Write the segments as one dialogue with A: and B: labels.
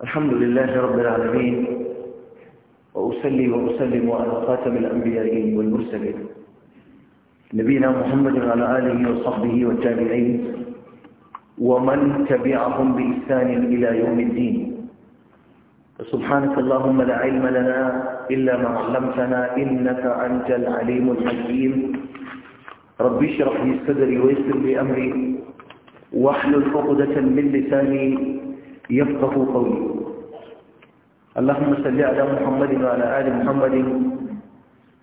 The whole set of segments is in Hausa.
A: الحمد لله رب العالمين وأسلي وأسلم على خاتم الأنبياء والمرسلين نبينا محمد وعلى آله وصحبه والتابعين ومن تبعهم بإحسان إلى يوم الدين سبحانك اللهم لا علم لنا إلا ما علمتنا إنك أنت العليم الحكيم ربي اشرح لي صدري ويسر لي أمري واحلل عقدة من لساني يفقه قولي اللهم صل على محمد وعلى آل محمد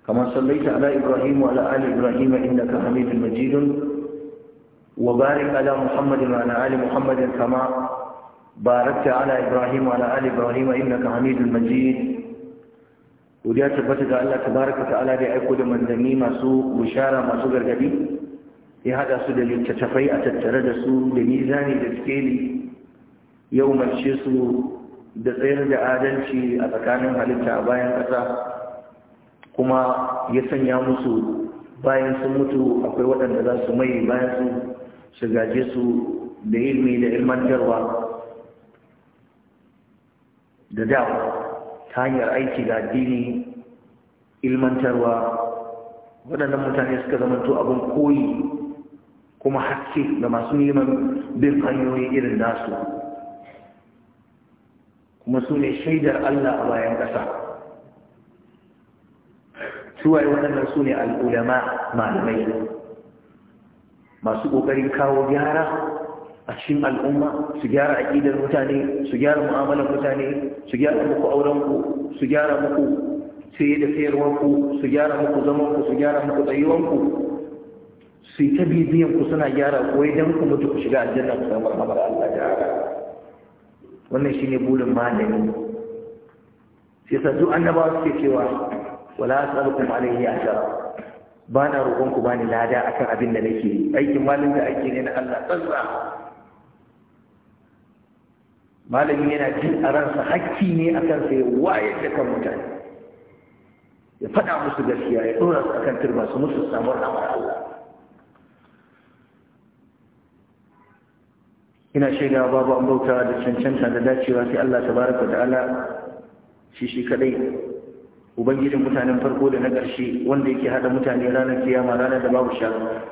A: كما صليت على إبراهيم وعلى آل إبراهيم إنك حميد مجيد وبارك على محمد وعلى آل محمد كما باركت على إبراهيم وعلى آل إبراهيم إنك حميد مجيد وديا تبت ga Allah tabaraka ta'ala da aiko da manzanni masu bishara masu gargadi ya hada su da littattafai a tattare da su da mizani da skeli yau mace su da tsayar da adalci a tsakanin halitta a bayan ƙasa kuma ya sanya musu bayan sun mutu akwai waɗanda za su mai bayan su shigaje su da ilmi da ilmantarwa da dawa ta hanyar aiki da addini ilmantarwa waɗannan mutane suka zamanto abin koyi kuma haske ga masu neman bin hanyoyi irin nasu kuma su ne shaidar Allah a bayan ƙasa suwaye waɗannan su ne al'ulama malamai masu ƙoƙarin kawo gyara a cikin al'umma su gyara aƙidar mutane su gyara mu'amalar mutane su gyara muku aurenku su gyara muku sai da sayarwarku su gyara muku zamanku su gyara muku tsayuwanku su yi ta bibiyanku suna gyara koyi don ku mutu ku shiga aljanna ku samu rahmar Allah da wannan shine burin malami sai sa duk annabawa suke cewa wala as'alukum alayhi ajra ba na roƙon ku bani lada akan abin da nake aikin malin da ake ne na Allah tsantsa malami yana jin a ransa hakki ne akan sai wayar da kan mutane ya faɗa musu gaskiya ya ɗora su akan turba su musu samuwar amara Allah ina shaida babu an bauta da cancanta da dacewa sai Allah tabaraka ta'ala shi shi kadai ubangijin mutanen farko da na ƙarshe wanda yake hada mutane ranar kiyama ranar da babu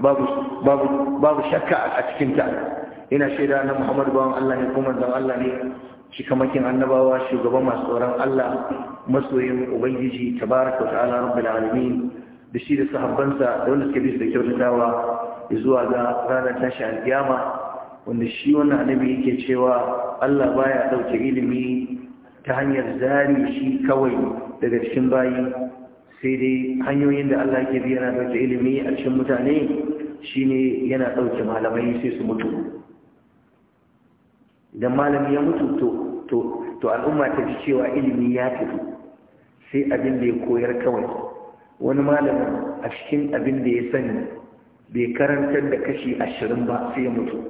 A: babu babu babu shakka a cikin ta ina shaida na Muhammad bawan Allah ne kuma zan Allah ne shi kamakin annabawa shugaban masu tsoron Allah masoyin ubangiji tabaraka ta'ala rabbil alamin da shi da sahabbansa da wanda suke bisa da kyautatawa zuwa ga ranar tashi alkiyama wanda shi wannan annabi yake cewa Allah baya dauke ilimi ta hanyar zari shi kawai daga cikin bayi sai dai hanyoyin da Allah yake bi yana dauke ilimi a cikin mutane shine yana dauke malamai sai su mutu idan malami ya mutu to to to al'umma ta ji cewa ilimi ya tafi sai abin da ya koyar kawai wani malamin a cikin abin da ya sani bai karantar da kashi ashirin ba sai ya mutu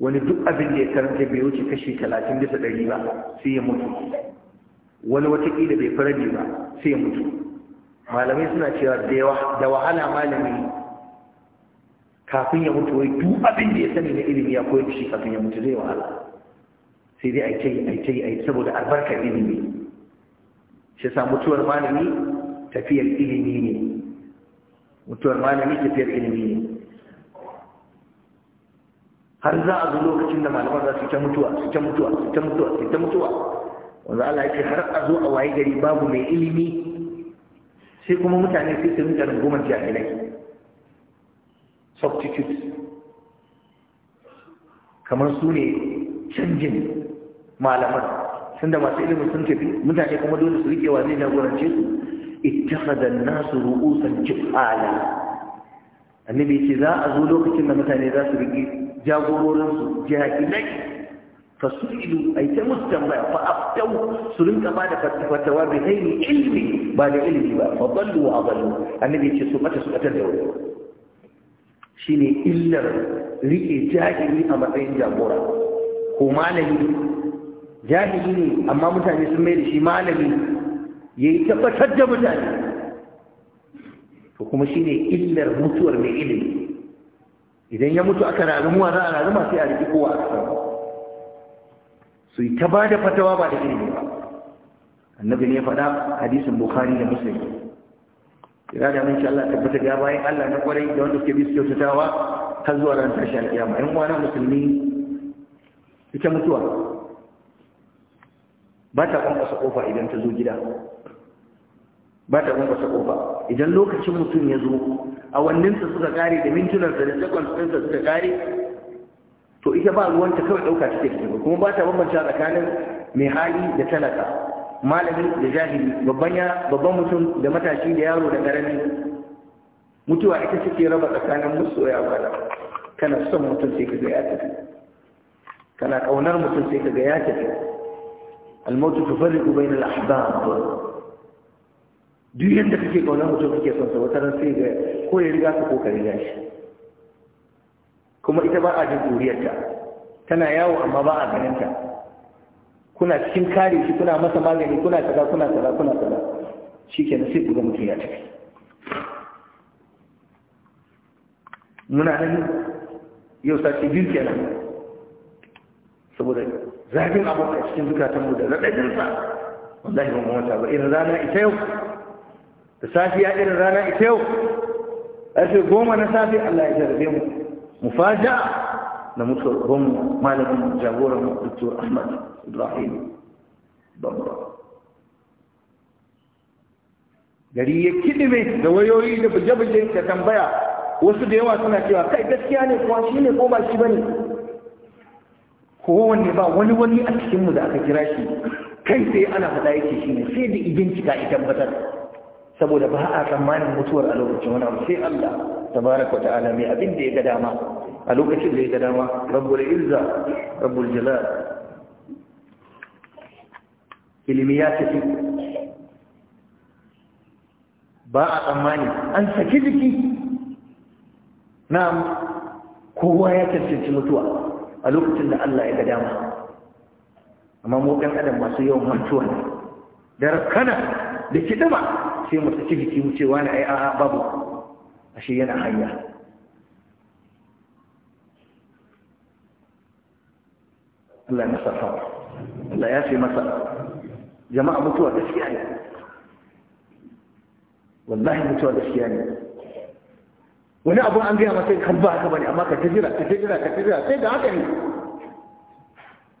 A: wani duk abin da ya karanta bai wuce kashi talatin bisa ɗari ba sai ya mutu wani watakila bai farabi ba sai ya mutu malamai suna cewa da wahala malami kafin ya mutu wai duk abin da ya sani na ilimi ya koyar shi kafin ya mutu zai wahala sai dai yi aice yi aice saboda albarkar ilimi shi sa mutuwar malami tafiyar ilimi ne mutuwar malami tafiyar ilimi ne har za a zo lokacin da malaman za su ta mutuwa su ta mutuwa su ta mutuwa su ta mutuwa wanda Allah yake har a zo a waye gari babu mai ilimi sai kuma mutane sai su rinka rungumar jahilai substitutes kamar su ne canjin malaman sun da masu ilimin sun tafi mutane kuma dole su riƙe wa zai jagorance su ittakhadha an-nasu ru'usan jifala annabi ce za a zo lokacin da mutane za su rigi jagororinsu jahilai fa su ilu a yi ta musu tambaya fa aftau su rinka ba da fatawa bi haini ba da ilimi ba fa ballu wa ballu annabi ce su mata su katar da wani ne illar rike jahili a matsayin jagora ko malami jahili ne amma mutane sun mai da shi malami ya yi tabbatar da mutane to kuma shi ne illar mutuwar mai ilimi idan ya mutu aka rarumuwa za a raruma sai a riƙi kowa a kasar su yi ta ba da fatawa ba da ilimi ba annabi ne ya faɗa hadisin bukhari da
B: musulmi
A: kira da mun Allah tabbata ga bayan Allah na kwarai da wanda suke bi su kyautatawa har zuwa ran tashi alƙiyama in wani musulmi ita mutuwa ba ta kwankwasa kofa idan ta zo gida ba ta kuma sako ba idan lokacin mutum ya zo awanninsa suka kare da mintunan da sakon ɗinsa suka kare to ita ba ruwanta kawai ɗauka take take ba kuma ba ta bambanta tsakanin mai hali da talaka malami da jahili babban ya babban mutum da matashi da yaro da ƙarami mutuwa ita take raba tsakanin masoya ba kana son mutum sai ka ga ya tafi kana ƙaunar mutum sai ka ga ya tafi Al-mauci الموت تفرق بين ahbab duk yadda kake kauna mutum kake son sa wata ran sai ga ko ya riga ka ko ka riga shi kuma ita ba a jin ta tana yawo amma ba a ganin ta kuna cikin kare shi kuna masa magani kuna tsada kuna tsada kuna tsada shikenan sai ku ga mutum ya tafi muna nan yau sati biyu kenan saboda zafin abokan cikin zukatanmu da raɗaɗinsa wallahi ba mu wata ba irin rana ita yau da safiya irin rana ita yau ƙarfe goma na safe Allah ya jarabe mu mu faja na mutu gwamna malamin jagoran mu Ahmad Ibrahim Bambara gari ya kidime da wayoyi da buje-buje da tambaya wasu da yawa suna cewa kai gaskiya ne kuma shi ne ko ba shi ba ne kowanne ba wani wani a cikinmu da aka kira shi kai sai ana faɗa yake shi ne sai da ibin cika ita tabbatar saboda ba a tsammanin mutuwar a lokacin wani abu sai Allah tabaraka ta'ala mai abin da ya ga dama a lokacin da ya ga dama rabbul izza rabbul jalal ilimi ya tafi ba a tsammani an saki jiki Na kowa ya cancanci mutuwa a lokacin da Allah ya ga dama amma mu ɗan adam masu yawan mantuwa ne da rakkana da kidima sai mu saki jiki mu ce wani ai a'a babu ashe yana hanya Allah ya masa fawa Allah ya ce masa jama'a mutuwa gaskiya ne wallahi mutuwa gaskiya ne wani abu an gaya masa kan ba haka bane amma ka ta jira ka ta jira ka ta jira sai da haka ne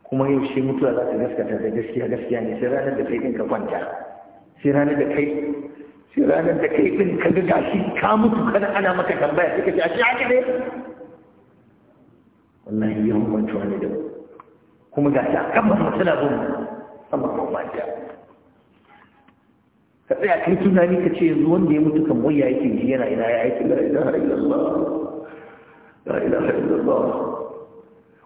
A: kuma yau shi mutuwa za ta gaskata da gaskiya gaskiya ne sai ranar da kai ɗin ka kwanta sai ranar da kai sai ranar da kai din ka ga shi ka mutu kana ana maka tambaya sai ka ce a ce haka ne Wannan yawan kwantuwa ne da kuma ga a kan ba suna bin sama ko ba ta ka tsaya kai tunani ka ce yanzu wanda ya mutu kan waya yake ji yana ina ya aiki la ilaha illallah la ilaha illallah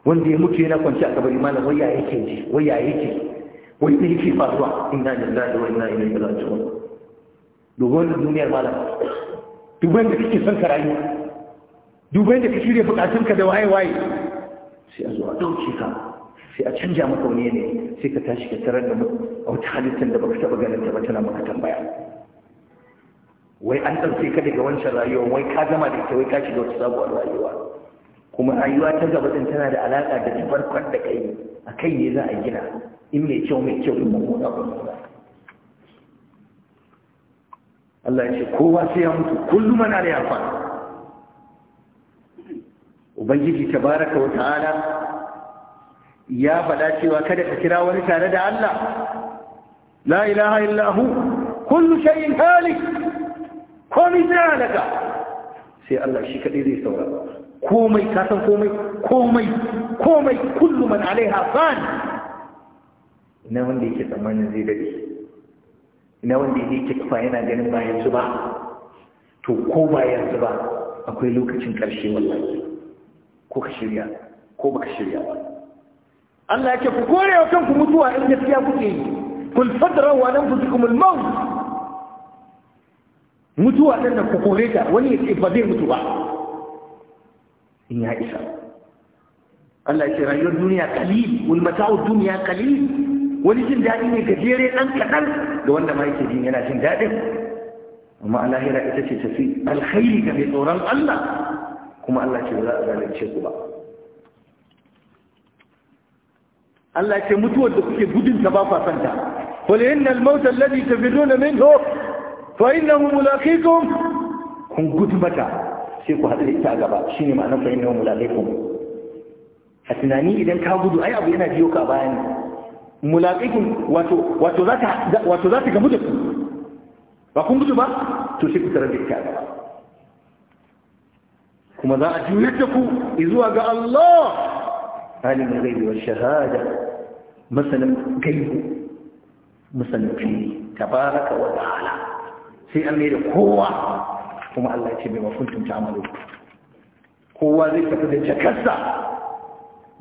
A: wanda ya mutu yana kwanci a kabari malam waya yake ji waya yake wai da yake faruwa Ina inna lillahi wa inna ilaihi raji'un dogon duniyar malam duban da kake son ka rayu duban da ka shirya bukatunka da waye waye sai a zuwa a dauke ka sai a canja maka wani ne sai ka tashi ka tarar da a wata halittar da baka taba ganin ta ba tana maka tambaya wai an ɗauke ka daga wancan rayuwa wai ka zama da ita wai ka shiga wata sabuwar rayuwa kuma rayuwa ta gaba din tana da alaƙa da farkon da kai a kai ne za a gina in mai kyau mai kyau in mummuna mummuna Allah ya ce kowa sai ya mutu kullum mana da ya kwana ubangiji tabaraka wa ta'ala ya faɗa cewa kada ka kira wani tare da Allah la ilaha illa hu kullu shay'in halik komai zai halaka sai Allah shi kadai zai saurara komai ka san komai komai komai kullu man alaiha fan ina wanda yake tsammanin zai dade ina wanda yake kafa yana ganin ba yanzu ba to ko ba yanzu ba akwai lokacin ƙarshe wallahi ko ka shirya ko baka shirya ba Allah yake ku kore wa kanku mutuwa in gaskiya kuke yi kun fadra wa lam tuzikum al maut mutuwa dan da ku kore ta wani ya ce ba zai mutu ba in ya isa Allah ya ce rayuwar duniya kalil wal mata'u dunya kalil wani jin daɗi ne gajere ɗan kaɗan ga wanda ma yake jin yana jin daɗin amma alahira ita ce ta fi alkhairi ga mai tsoron Allah kuma Allah ce ba za a zalunce ku ba Allah ce mutuwar da kuke gudun ta ba fasanta qul innal mauta alladhi tafirruna minhu fa innahu mulaqikum kun gudu mata sai ku haɗu ita a gaba shine ma'anar fa innahu mulaqikum a tunani idan ka gudu ai abu yana biyo ka bayan mulaqikum wato za ta gamu da ku ba kun gudu ba to sai kuma za a juyar ku izuwa ga Allah alimin gaibi wa shahada masanin gaibu masalan fili tabaraka wa ta'ala sai an mai da kowa kuma Allah ya ce mai ta amalu kowa zai tafi da jakarsa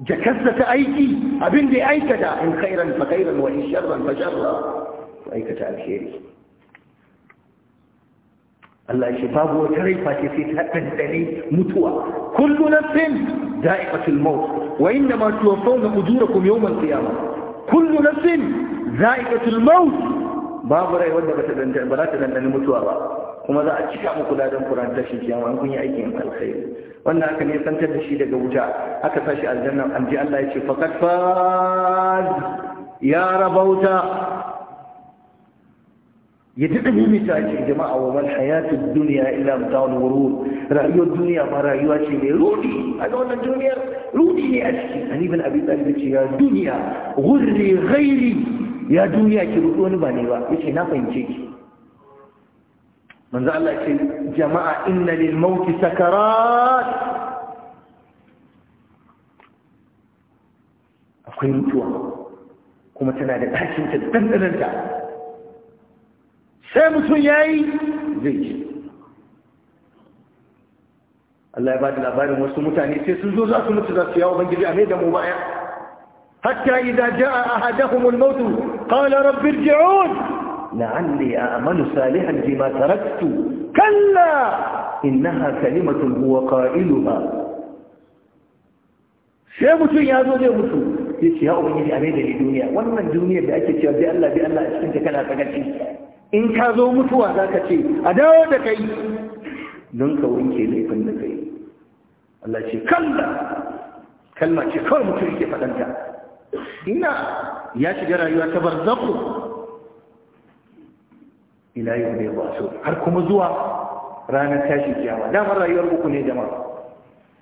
A: jakarsa ta aiki abin da ya aikata in khairan fa khairan wa in sharran fa sharra ku aikata alheri Allah shi babu wata rai face sai ta dandane mutuwa kullu nafsin da'iqatul maut wa inna ma tuwaffawna ujurakum yawmal qiyamah kullu nafsin da'iqatul maut babu rai wanda ba ta dandane mutuwa ba kuma za a cika muku ladan kuran tashin kiyama kun yi aikin alkhairi wannan aka ne santar da shi daga wuta aka sa shi aljanna an ji Allah ya ce faqad faz ya rabauta ya dada ta ce jama'a wa wal hayatud dunya illa mata'ul ghurur rayuwar duniya ba rayuwa ce mai rudi a ga
B: wannan duniyar
A: rudi ne a ciki ani bin abi talib ce ya duniya ghurri ghairi ya duniya ki rudo ni ba ne ba yace na fahimce ki من ذا لك جماعة إن للموت سكرات أخي متوى كما تنادى تحكي متى تنزل الجاء سامس ياي زيج الله يبعد الأبار ومسلم متاني سيسوزو زاسو متزاس ياو من جديد أميدا مبايا حتى إذا جاء أحدهم الموت قال رب ارجعون لعلي أعمل صالحا فيما تركت
B: كلا
A: إنها كلمة هو قائلها sai mutum ya zo zai mutu ya ce ya ubangiji a da ni duniya wannan duniyar da ake cewa bi Allah bi Allah a cikin ta kana tsagaci in ka zo mutuwa za ka ce a dawo da kai don ka wanke laifin da kai Allah ce kalla ce kawai mutum faɗanta ina ya shiga rayuwa ta barzaku ila yau ne ba so har kuma zuwa ranar tashi kiyama damar rayuwar uku ne jama'a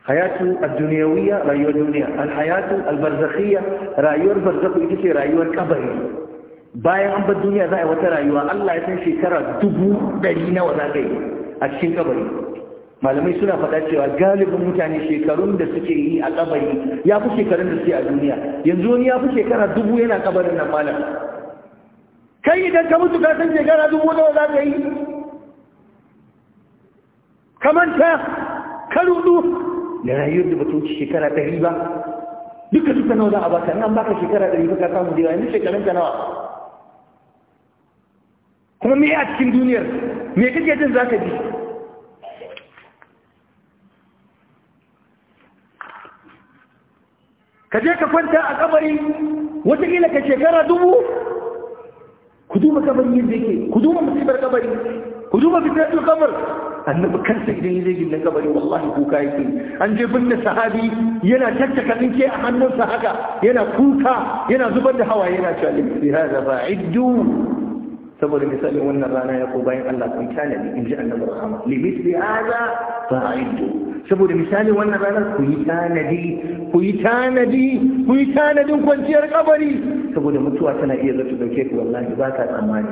A: hayatu ad rayuwar duniya alhayatu hayatu rayuwar barzakhu ita ce rayuwar kabari bayan an bar duniya za a yi wata rayuwa Allah ya san shekara dubu ɗari nawa za ka yi a cikin kabari malamai suna faɗa cewa galibin mutane shekarun da suke yi a kabari ya fi shekarun da suke a duniya yanzu wani ya fi shekara dubu yana kabarin nan malam kai idan ka mutu ka san shekara dubu da za ka yi kamar ka karudu da rayuwar da batun shekara ɗari ba duka duka nawa za a baka nan baka shekara ɗari ba ka samu da yawa yanzu shekarun ka nawa kuma me a cikin duniyar me kake jin za ka ji ka je ka kwanta a kabari wataƙila ka shekara dubu ku duba kabarin yadda yake ku duba musibar kabari ku duba fitatul kabar annabi kansa idan yi zai gina kabari wallahi kuka yake an je binne sahabi yana tattaka tsinke a hannunsa haka yana kuka yana zubar da hawa yana cewa li hada fa'iddu saboda misalin wannan rana ya ko bayan Allah kun tana bi inji annabi rahama li misli hada fa'idu saboda misalin wannan rana ku yi tanadi ku yi tanadi ku yi tanadin kwanciyar kabari saboda mutuwa tana iya zata dauke ku wallahi ba ka tsammani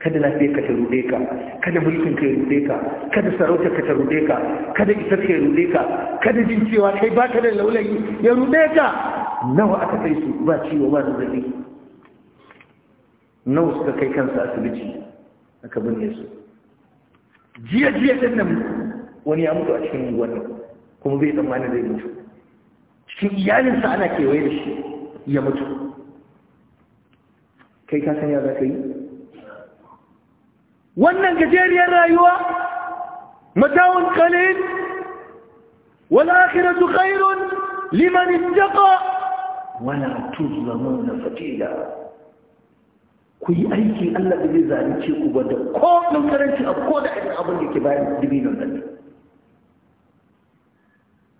A: kada ka ta rude ka kada mulkin ka ya rude ka kada sarautar ka ta rude ka kada isar ka ya rude ka kada jin cewa kai baka da laulayi ya rude ka nawa aka kai su ba ciwo ba zazzabi نوس كي كان سأس بجي أكبر يسو جي جي جنم وني أموت أشين وانا كم بيت أمانا دي مجو شين يالن سعنا كي ويرش يمجو كي كان سنيا ذاكي وانا كجير يرى يوا
B: متاون قليل
A: والآخرة خير
B: لمن اتقى ولا تظلمون
A: فتيلا ku yi aiki Allah da zai zalunce ku ba da ko
B: ɗan karanci a ko da
A: abin da ke bayan dibinon nan ne.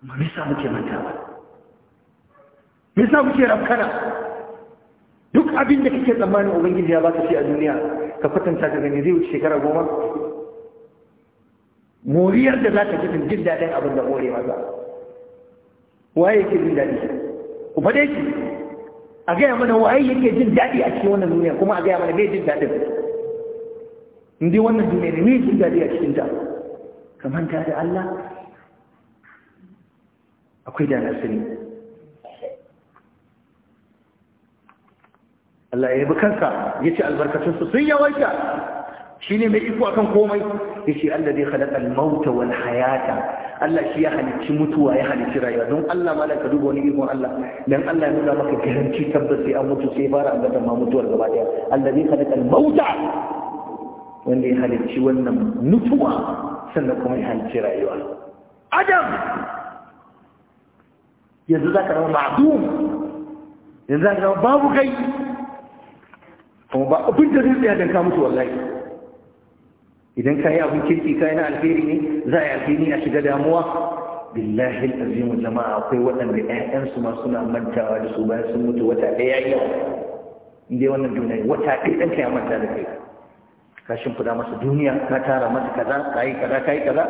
A: Ma me sa muke manta ba? Me sa muke rafkana? Duk abin da kake tsammanin Ubangiji ya ba baka shi a duniya ka kwatanta ka gani zai wuce shekara goma? Moriyar da za ka ji jin daɗin abin da morewa za. Waye ke jin daɗi? Ku faɗe ki a gaya mana waye yake jin daɗi a cikin wannan duniya kuma a gaya mana bai jin daɗin in dai wannan duniya ne ne jin daɗi a cikin ta ka manta da Allah akwai da nasiri Allah ya yabi kansa ya ce su sun yawaita shi ne mai iko akan komai ya ce Allah zai al mauta wal hayata Allah shi ya halicci mutuwa ya halicci rayuwa don Allah ma ka duba wani ikon Allah dan Allah ya nuna maka garanti tabbas sai an mutu sai fara ambatan ma mutuwar gaba daya allazi khalaqa al-mauta wanda ya halicci wannan mutuwa sannan kuma ya halicci rayuwa adam yanzu za ka zama ma'adum yanzu za ka zama babu kai kuma ba abin da zai tsaya don ka mutu wallahi idan ka yi abin kirki ka yi na alheri ne za a yi alheri a shiga damuwa billahi azimu jama'a akwai waɗanda ƴaƴansu ma suna mantawa da su bayan sun mutu wata ɗaya yawa inda wannan duniya wata ɗaya ɗan ka ya manta da kai ka shimfiɗa masa duniya ka tara masa kaza ka yi kaza ka yi kaza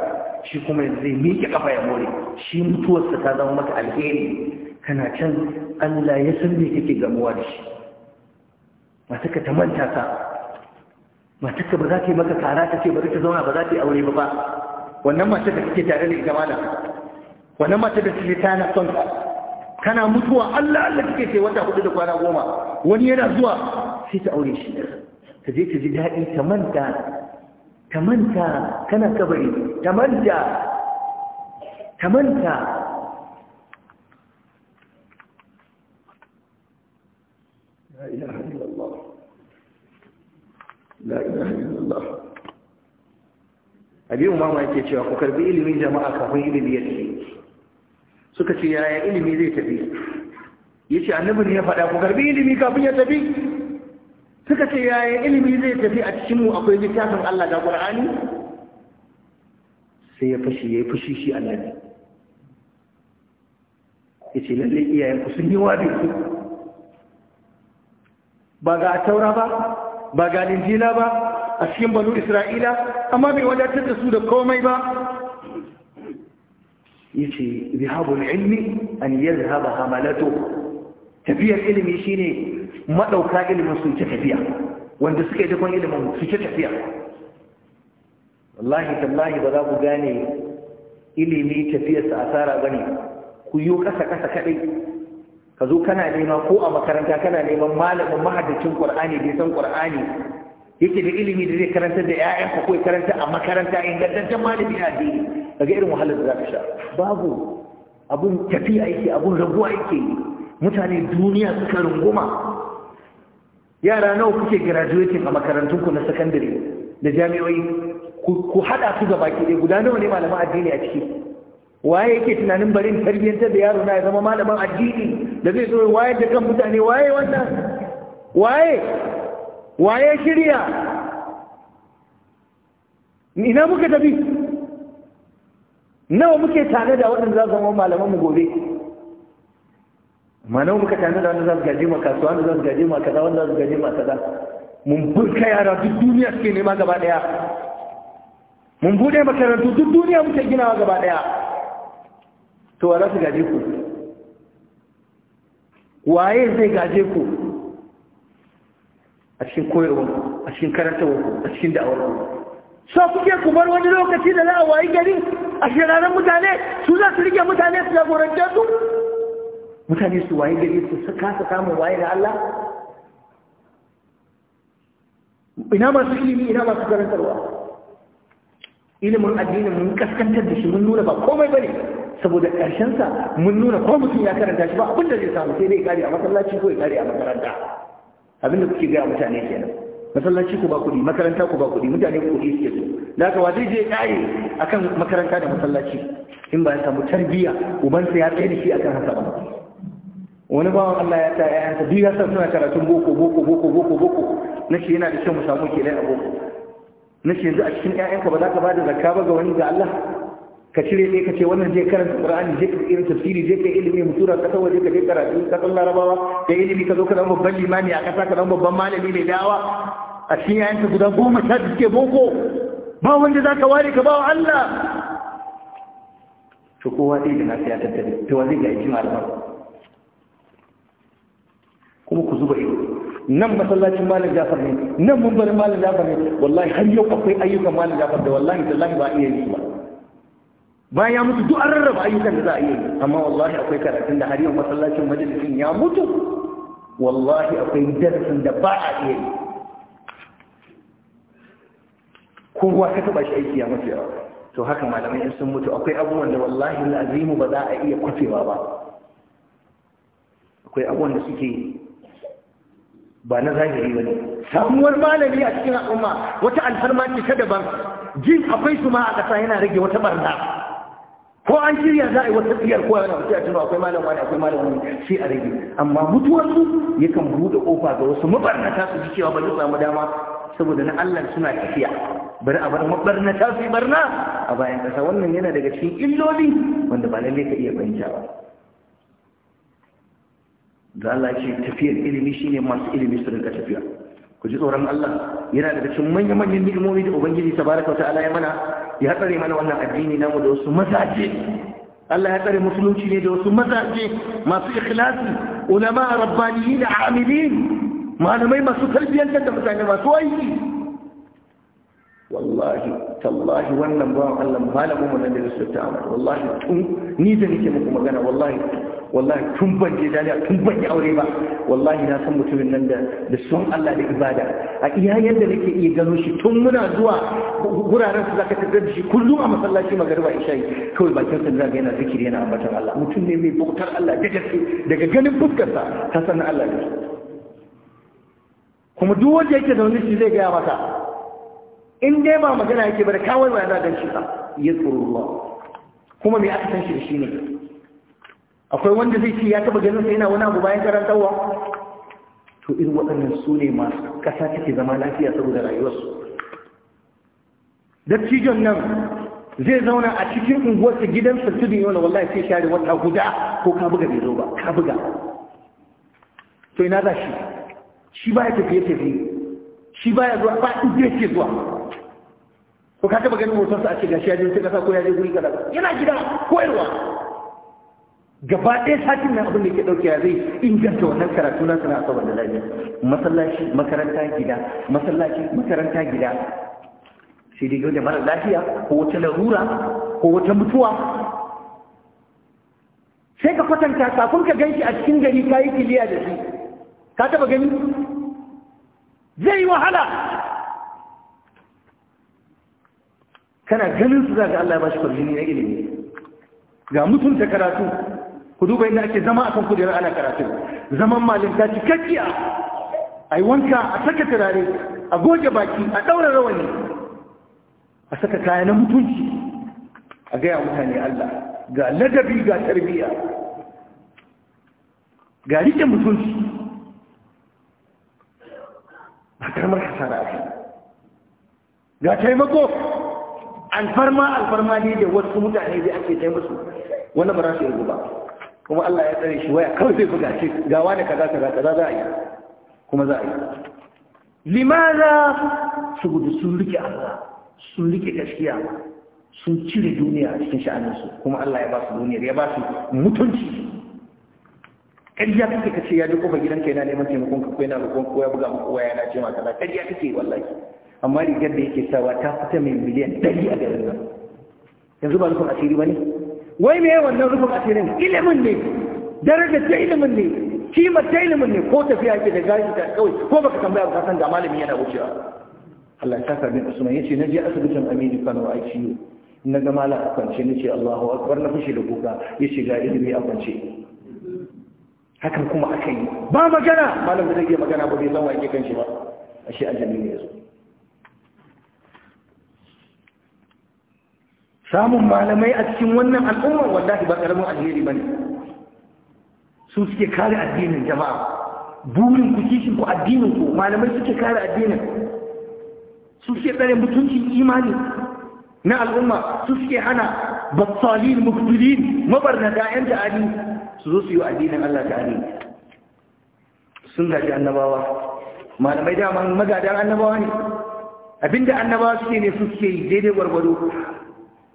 A: shi kuma zai miƙe kafa ya more shi mutuwarsa ta zama maka alheri kana can Allah ya san me kake gamuwa da shi mata ka ta manta ka matarka ba za ta yi maka kara ta ce bari ta zauna ba za ta yi aure ba ba wannan matar da kake tare da ita mana wannan matar da take tana son ka kana mutuwa Allah Allah kake ce wata hudu da kwana goma wani yana zuwa sai ta aure shi ta je ta ji daɗi ta manta ta manta kana kabari ta manta ta manta abi mama yake cewa ku karbi ilimin jama'a kafin ilimi ya tafi suka ce yaya ilimi zai tafi yace annabi ne ya faɗa ku karbi ilimi kafin ya tafi suka ce yaya ilimi zai tafi a cikin mu akwai littafin Allah da Qur'ani sai ya fashi ya fushi shi annabi yace lalle iyayen ku sun yi wadi ba ga taura ba ba ga linjila ba a cikin banu isra'ila amma bai wadatar da su da komai ba ce zihabul ilmi an zihaba hamalatu tafiyar ilimi shine maɗauka ilimin su ta tafiya wanda suke yi kon ilimin su tafiya wallahi tallahi ba za ku gane ilimi tafiyarsa asara bane ku yi kasa kasa kaɗai, ka zo kana nema ko a makaranta kana neman malamin mahaddacin ƙur'ani bai san ƙur'ani yake da ilimi da zai karanta da ƴaƴanka ko karanta a makaranta ingantaccen malami na addini daga irin wahalar da za ka sha babu abun tafiya yake abun raguwa yake mutane duniya suka runguma yara nawa kuke graduating a makarantunku na sakandare da jami'oi ku haɗa su ga baki ɗaya guda nawa ne malaman addini a ciki waye yake tunanin barin tarbiyyantar da yaro na ya zama malaman addini da zai zo wayar da kan mutane waye wannan waye waye shirya ina muka tafi nawa muke tare da waɗanda za su zama malaman mu gobe ma nawa muka tare da waɗanda za su gaje ma wanda za su gaje ma wanda za su gaje ma mun burka yara duk duniya suke nema gaba ɗaya mun buɗe makarantu duk duniya muke ginawa gaba ɗaya to wa za su gaje ku waye zai gaje ku a cikin koyarwa a cikin karantarwa a cikin da'awar so kuke kumar wani lokaci da za a wayi gari a shirarar mutane su za su rike mutane su jagorance su mutane su wayi gari su kasa samun waye da Allah ina masu ilimi ina masu karantarwa ilimin addinin mun kaskantar da shi mun nuna ba komai bane saboda karshensa mun nuna ko mutum ya karanta shi ba abinda zai samu sai dai kare a masallaci ko ya kare a makaranta abinda kuke gaya mutane kenan masallaci ku ba kuɗi makaranta ku ba kuɗi mutane kuɗi suke so da haka wa zai je ƙaye akan makaranta da masallaci in ba ya samu tarbiyya ubansa ya tsaye da shi akan haka ba wani bawan Allah ya ta ƴaƴansa duk ya san suna karatun boko boko boko boko boko na shi yana da kyau mu samu kenan a boko na shi yanzu a cikin ƴaƴanka ba za ka ba da zakka ba ga wani ga Allah ka cire ɗaya ka ce wannan je karanta ƙur'ani je ka irin tafsiri je ka ilimi mu tura ƙasar waje ka je karatu san larabawa da ilimi ka zo ka zama babban limami a ƙasa ka zama babban malami mai dawa a cikin yayanka guda goma sha da suke boko ba wanda za ka ware ka ba wa Allah to kowa ɗaya da nasu ya tattare to wa zai ga aiki malaman kuma ku zuba ido nan masallacin malam jafar ne nan mumbarin malam jafar ne wallahi har yau akwai ayyukan malam jafar da wallahi tallahi ba iya yi ba bayan ya mutu duk an rarraba ayyukan da za a yi amma wallahi akwai karatun da har yau masallacin majalisin ya mutu wallahi akwai darasin da ba a iya yi kowa ka taba shi aiki ya mutu yawa to haka malamai in sun mutu akwai abubuwan da wallahi lazimu ba za a iya kwafewa ba akwai abubuwan da suke ba na zahiri ba ne samuwar malami a cikin al'umma wata alfarma ce ta daban jin akwai su ma a ƙasa yana rage wata barna ko an shirya za a yi wata tsiyar ko yana wasu a tuno akwai malam wani akwai malam wani sai a rage amma mutuwar su yakan buɗe ƙofa ga wasu mabarnata su ji cewa ba zai samu dama saboda na Allah suna tafiya bari a bar mabarnata su barna a bayan ƙasa wannan yana daga cikin illoli wanda ba lallai ka iya fahimta ba da Allah ce tafiyar ilimi shine masu ilimi su rinka tafiya ku ji tsoron Allah yana daga cikin manya-manyan ni'imomi da Ubangiji tabaraka wa ta'ala ya mana ya tsare mana wannan addini namu da wasu mazaje Allah ya tsare musulunci ne da wasu mazaje masu ikhlasi ulama rabbaniyi da amilin malamai masu tarbiyyantar da mutane masu aiki wallahi tallahi wannan bawan Allah malamin mu na da su ta wallahi tun ni da nake muku magana wallahi wallahi tun ban je jami'a tun ban yi aure ba wallahi na san mutumin nan da da sun Allah da ibada a iya yadda nake iya gano shi tun muna zuwa guraren su zaka tabbata da shi kullum a masallaci magariba isha yi kawai bakin sa zaka yana zikiri yana ambatan Allah mutum ne mai bautar Allah da gaske daga ganin fuskar sa ta san Allah ne kuma duk wanda yake wani shi zai gaya maka in dai ba magana yake ba da kawai ba yana gan shi ba. ya kuma me aka san shi da shi ne akwai wanda zai ce ya taba ganin sa yana wani abu bayan tawa to irin waɗannan su ne masu ƙasa take zama lafiya saboda rayuwarsu dattijon nan zai zauna a cikin unguwarsa gidansa tudu yau na wallahi sai share wata guda ko ka buga bai zo ba ka buga to ina za shi shi ba ya tafiye tafiye shi ba ya zuwa ba inda yake zuwa ko ka taba ganin hotonsa a ce gashi ya je kasa ko ya je guri kada yana gida koyarwa gaba ɗaya satin na abin da ke ɗauke zai inganta wannan karatu na sana'a saboda lafiya masallaci makaranta gida masallaci makaranta gida sai dai gaba da mara lafiya ko wata larura ko wata mutuwa sai ka kwatanta kafin ka ganshi a cikin gari ka yi kiliya da shi ka taba gani zai yi wahala kana ganin su za ga Allah ya ba shi kwarjini na ilimi ga mutunta karatu ku duba yadda ake zama akan kujerar ana karatu zaman malinta cikakkiya a yi wanka a saka turare a goge baki a ɗaura rawani a saka kaya na mutunci a gaya mutane Allah ga ladabi ga tarbiyya ga rike mutunci a karmar kasara a ga taimako alfarma alfarma ne da wasu mutane da ake taimako wani ba za su yi ba kuma Allah ya tsare shi waya kawai zai buga shi ga wani kaza kaza kaza za a yi kuma za a yi limaza su gudu sun rike Allah sun rike gaskiya sun cire duniya a cikin su, kuma Allah ya ba su duniyar ya ba su mutunci ƙarya kake ka ce ya ji kofar gidanka yana neman taimakon ka ko yana roƙon ko ya buga maka waya yana ce ma kaza ƙarya kake wallahi amma rigar da yake sawa ta fita mai miliyan ɗari a garin nan yanzu ba nufin asiri ba ne wai me wannan rufin asirin ilimin ne daraja ta ilimin ne kima ta ilimin ne ko tafiya ke da gari ta kawai ko baka tambaya ba san da malami yana wucewa Allah ya saka min usman yace naje asibitin Aminu Kano ICU na ga mala a kwance nace Allahu akbar na fushi da kuka yace ga ilimi a kwance hakan kuma akai ba magana malam da zai magana ba bai san wa yake kan ba ashe ajali ne yazo samun malamai a cikin wannan al'ummar wanda ba karamin alheri bane su suke kare addinin jama'a burin ku kishin ku addinin ku malamai suke kare addinin su suke tsare mutuncin imani na al'umma su suke hana batsalin mukbilin mabarnada yan ta'adi su zo su yi addinin Allah ta'ani. sun gaji annabawa malamai dama magadan annabawa ne abinda annabawa suke ne su suke yi daidai gwargwado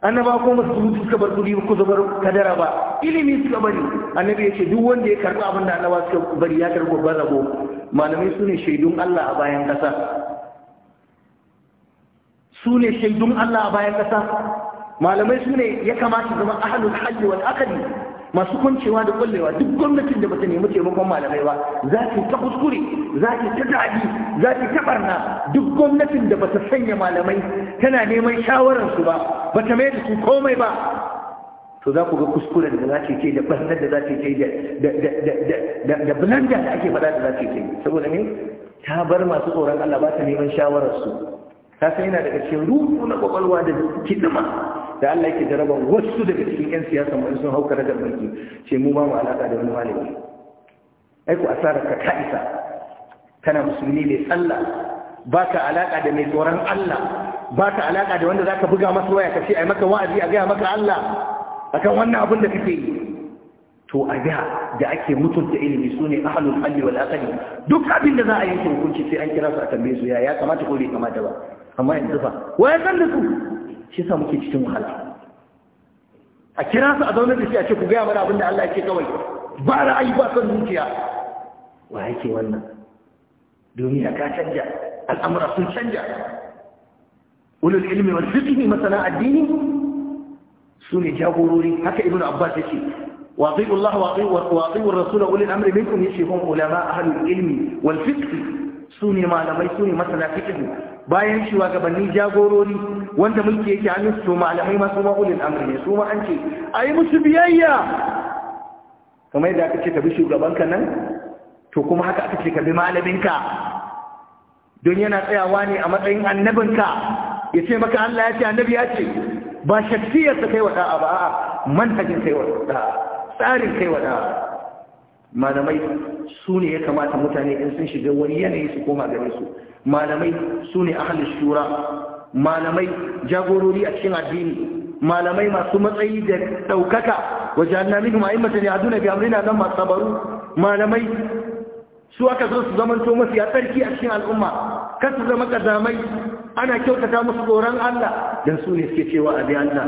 A: annaba ko musulmi suka bar kudi ku zubar kadara ba ilimi suka bari annabi ya ce duk wanda ya karɓi abin da annaba suka bari ya karɓi babban rabo malamai su ne shaidun Allah a bayan ƙasa su shaidun Allah a bayan ƙasa malamai su ya kamata zama ahlul hajji wal aqdi masu kuncewa da kwallewa duk gwamnatin da bata nemi taimakon malamai ba za ta ta kuskure za ta ta daɗi za ta ta barna duk gwamnatin da bata sanya malamai tana neman shawararsu ba bata mai da su komai ba to za ku ga kuskuren da za ta ce da barnar da za ta ce da blanda da ake faɗa da za ta ce saboda me ta bar masu tsoron Allah ba ta neman shawararsu ta san yana daga cikin ruhu na kwakwalwa da kidima da Allah yake jarabar wasu daga cikin 'yan siyasa mai sun hauka da banki ce mu ba mu alaƙa da wani malami ai ku asara ka ka isa kana musulmi mai tsalla. ba ka alaƙa da mai tsoron Allah ba ka alaƙa da wanda za ka buga masa waya ka ce ai maka wa'azi a gaya maka Allah A kan wannan abin da kake yi to a da da ake mutunta ilimi su ne ahalul alli wal aqli duk abin da za a yanke hukunci sai an kira su a tambaye su ya ya kamata ko bai kamata ba amma in tufa waye san da su shi sa muke cikin wahala a kira su a zaune da shi a ce ku gaya mana abin da Allah ya ce kawai ba ra'ayi ba son zuciya wa yake wannan duniya ka canja al'amura sun canja ulul ilmi wal fiqhi masana addini su ne jagorori haka ibnu abbas yake واطيعوا الله واطيعوا الرسول اولي الامر منكم يشهون علماء اهل العلم والفقه سوني ما لم يسوني مثلا فقه bayan shugabanni jagorori wanda mulki yake hannun su malamai masu ma'ulin amri ne su ma an ce a musu biyayya kamar yadda aka ce ka bi shugabanka nan to kuma haka aka ce ka bi malaminka don yana tsayawa ne a matsayin annabinka ya ce maka Allah ya ce annabi ya ce ba shaksiyarsa kai wa da'a ba a'a manhajin kai wa da'a tsarin kai wa da'a malamai su ne ya kamata mutane in sun shiga wani yanayi su koma gare su malamai su ne ahalin shura malamai jagorori a cikin addini malamai masu matsayi da ɗaukaka wajen na minu ma'immata ne a duna bi na nan masu sabaru malamai su aka zo su zamanto mafi a tsarki a cikin al'umma kan su zama kazamai ana kyautata musu tsoron Allah dan su ne suke cewa abi Allah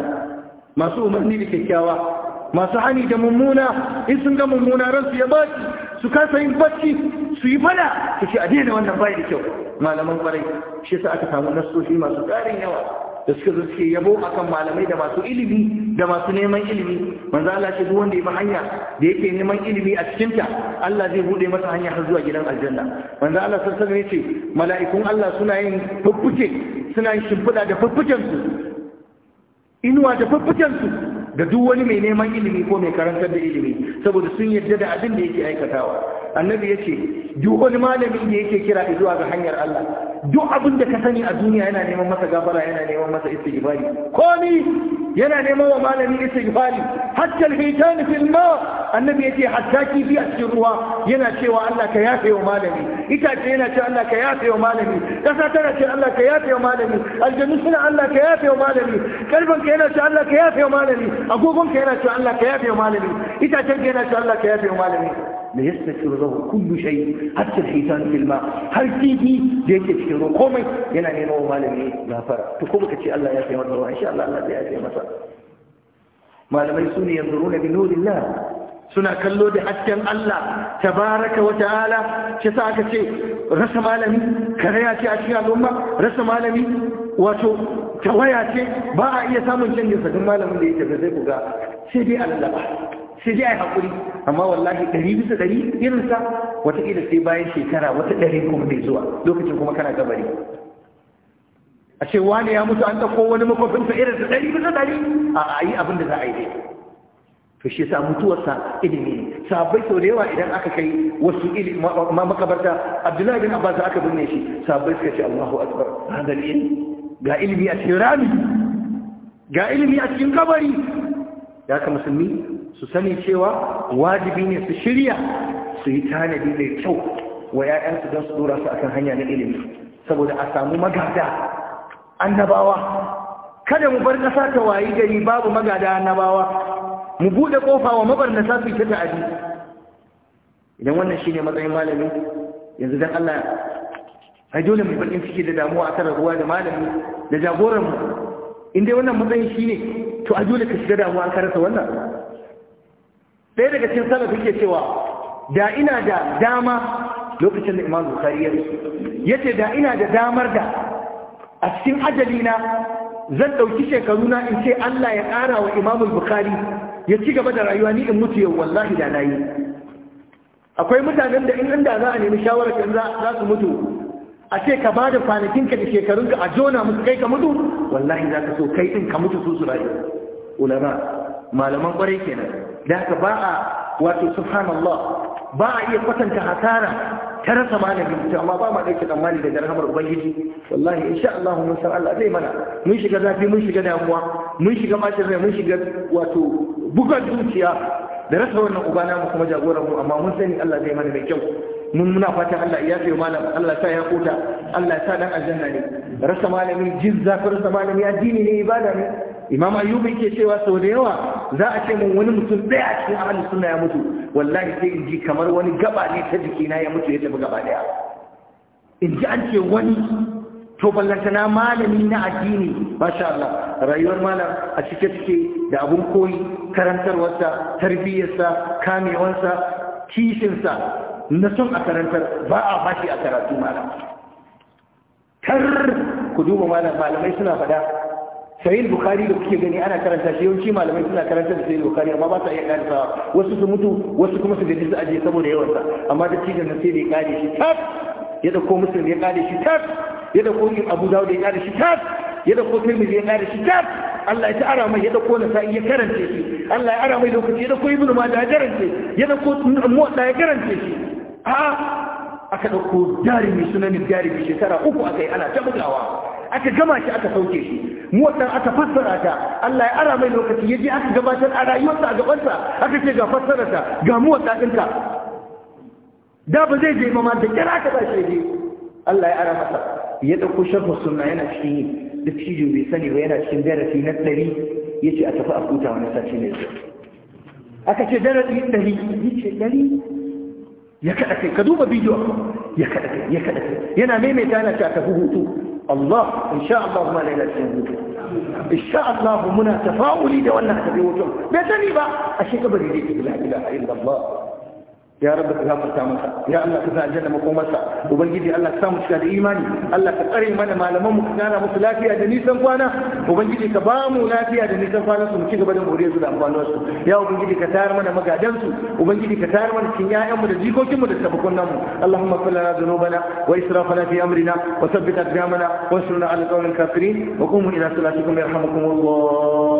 A: masu umarni da kyakkyawa masu hani da mummuna in sun ga mummuna su ya baki su kasa yin bacci su yi fada su ce a daina wannan bai da kyau malaman kwarai shi sa aka samu nasoshi masu ƙarin yawa da suka zo suke yabo akan malamai da masu ilimi da masu neman ilimi manzo Allah ce duk wanda ya bi hanya da yake neman ilimi a cikin ta Allah zai bude masa hanya har zuwa gidan aljanna manzo Allah sallallahu alaihi wasallam yace mala'ikun Allah suna yin fuffuke suna yin shimfida da fuffuken su inuwa da fuffuken su Da duk wani mai neman ilimi ko mai karantar da ilimi saboda sun yarda da abin da yake aikatawa annabi ya ce duk wani malamin da yake kira zuwa ga hanyar Allah duk abin da ka sani a duniya yana neman masa gabara, yana neman masa istighfari komi yana neman wa malami istighfari hatta al-hitan fil ma annabi yace hatta kifi a cikin ruwa yana cewa Allah ka yafe wa malami itace yana cewa Allah ka yafe wa malami kasa tana cewa Allah ka yafe wa malami aljannu suna Allah ka yafe wa malami kalban ka yana cewa Allah ka yafe wa malami agogon ka yana cewa Allah ka yafe wa malami itacen ka yana cewa Allah ka yafe wa malami Da yastakiru lahu kullu shay hatta hitan fil ma har titi da yake cikin ruwa komai yana nema wa malami gafara to ko baka ce Allah ya kai masa ruwa insha Allah Allah ya kai masa malamai su ne yanzuruna bi nurillah suna kallo da hasken Allah tabaraka wa ta'ala ce sa aka ce rasa malami karaya ce a cikin al'umma rasa malami wato ce ba a iya samun canjin sakin malamin da ya tafi sai ku ga sai dai Allah sai dai a yi haƙuri amma wallahi ɗari bisa ɗari irinsa wataƙila sai bayan shekara wata ɗari kuma mai zuwa lokacin kuma kana gabari a ce wani ya mutu an ɗauko wani irin irinsa ɗari bisa ɗari a yi abin da za a yi dai to shi yasa mutuwarsa ilimi ne sahabbai sau da yawa idan aka kai wasu makabarta abdullahi bin abbas aka binne shi sahabbai suka ce allahu akbar hada ilimi ga ilimi a cikin rami ga ilimi a cikin kabari ya ka musulmi su sani cewa wajibi ne su shirya su yi tanadi mai kyau wa 'ya'yansu don su dora su akan hanya na ilimi saboda a samu magada annabawa kada mu bar ƙasa ta wayi gari babu magada annabawa mu buɗe ƙofa wa mabarnata su ta ta'adi idan wannan shine matsayin malami yanzu dan Allah ai dole mu bakin ciki da damuwa a akan ruwa da malami da jagoran mu in dai wannan matsayin shine to a dole ka shiga damuwa an karasa wannan ɗaya daga cikin salafin ke cewa da ina da dama lokacin da imam bukari ya yace da ina da damar da a cikin ajalina zan ɗauki shekaruna in ce Allah ya ƙara wa imam bukari ya ci gaba da rayuwa ni in mutu yau wallahi da na yi akwai mutanen da in inda za a nemi shawarar kan za su mutu a ce ka ba da kwanakinka da shekarunka a jona musu kai ka mutu wallahi za ka so kai ɗin ka mutu su su rayu ulama malaman kwarai kenan da haka ba a wato subhanallah ba a iya kwatanta hasara ta rasa malami mutum amma ba ma ɗauke tsammani da rahamar ubangiji wallahi insha Allah mun san Allah zai mana mun shiga zafi mun shiga damuwa mun shiga bacin rai mun shiga wato bugan zuciya da rasa wannan ubana mu kuma jagoran mu amma mun sani Allah zai mana mai kyau mun muna fatan Allah ya fi malam Allah ta ya kuta Allah sa dan aljanna ne rasa malami jin zafin rasa malami addini ne ibada ne imam ayyubi yake cewa sau da yawa za a ce mun wani mutum ɗaya a cikin ahalin sunna ya mutu wallahi sai in kamar wani gaba ne ta na ya mutu ya tafi gaba ɗaya in ji an ce wani to na malami na addini masha Allah rayuwar malam a cike cike da abun koyi karantarwarsa tarbiyyarsa kamewarsa kishinsa na son a karantar ba a bashi a karatu malam kar ku duba malam malamai suna faɗa. sahih bukhari da kuke gani ana karanta shi yawanci malamai suna karanta da sahih bukhari amma ba sa iya karanta wasu su mutu wasu kuma su gaji su aje saboda yawan sa amma da cikin nan sai da ya kare shi tas ya dauko muslim ya kare shi tas ya dauko abu dawud ya kare shi tas ya dauko tirmidhi ya kare shi tas Allah ya ta ara mai ya dauko nasa'i ya karanta shi Allah ya ara mai lokaci ya dauko ibnu majah ya karanta shi, ya dauko muwatta ya karanta shi a aka ɗauko jarumi sunanin jarumi shekara uku aka yi ana ta bugawa aka gama shi aka sauke shi muwatar aka fassara ta Allah ya ara mai lokaci ya je aka gabatar a rayuwarsa a gabansa aka ce ga fassararta ga muwatta ɗinka da ba zai je ba ma da kira aka ba shi je Allah ya ara masa ya ɗauko sharhu suna yana cikin yi da cijin bai sani ba yana cikin darasi na ɗari ya ce a tafi a kuta wani sashi ne aka ce darasi ɗari ya ce ɗari ya kada kai ka duba bidiyo ya kada kai ya kada kai yana maimaita yana ta tafi hutu Allah insha Allah ma laila cikin hutu insha Allah muna tafa'uli da wannan tafi hutu bai sani ba a shekabar da yake la ilaha illallah ya rabba ka gafarta masa ya Allah ka sa aljanna makomarsa ubangiji Allah ka sa mu da imani Allah ka tsare mana malaman mu kana musu lafiya da nisan kwana ubangiji ka ba mu lafiya da nisan kwana su mu ci gaba da moriyar su da amfanin su ya ubangiji ka tayar mana magadan su ubangiji ka tayar mana cikin ƴaƴan mu da jikokin mu da sabakun nan mu Allahumma qul lana dhunubana
B: wa israfana fi amrina wa thabbit aqdamana wa ansurna ala qawmin kafirin wa qumu ila salatikum yarhamukumullah